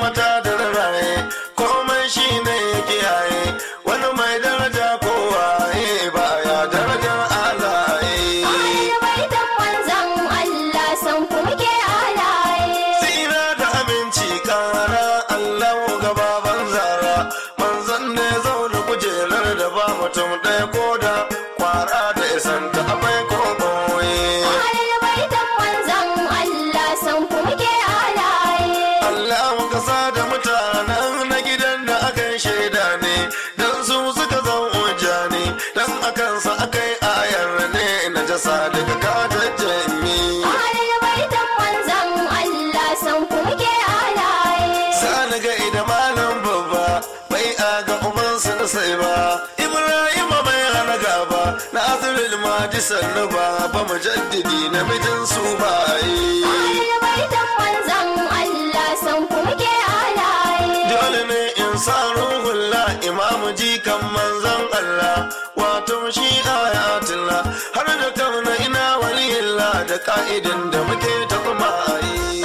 mata da raraye komai shi ne kiyaye wani mai daraja kowa ba ya daraja alaye Tsira da aminci kara Allah gaba ban zara manzan ne zaune kujerar da ba mutum ɗaya ko da kwara da isan maza da mutanen na gidan da akan shaida ne don su suka zan uja ne don akansa akai ayar ne na jasa daga katajjen ne Sani ga ida malam babba bai aga ubansa na sai ba Ibrahim bai hana gaba na azuril ma ji sannu ba ba mujaddidi na mijin su ba kan manzan Allah wato shi ayatullah har da kauna ina waliyillah da ka'idin da muke ta kuma ayi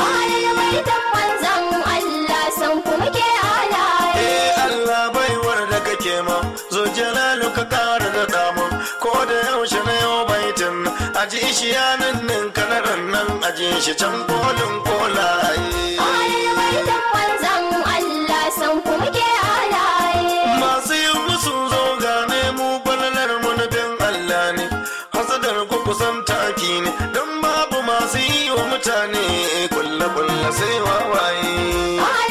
eh, zo jalalu ka kara da damu ko da yaushe na yau baitin aji shi yanan nan kanaran nan aji shi can kolin kolaye idan babu masu yi wa mutane eh, kulle-kulle sai wawaye.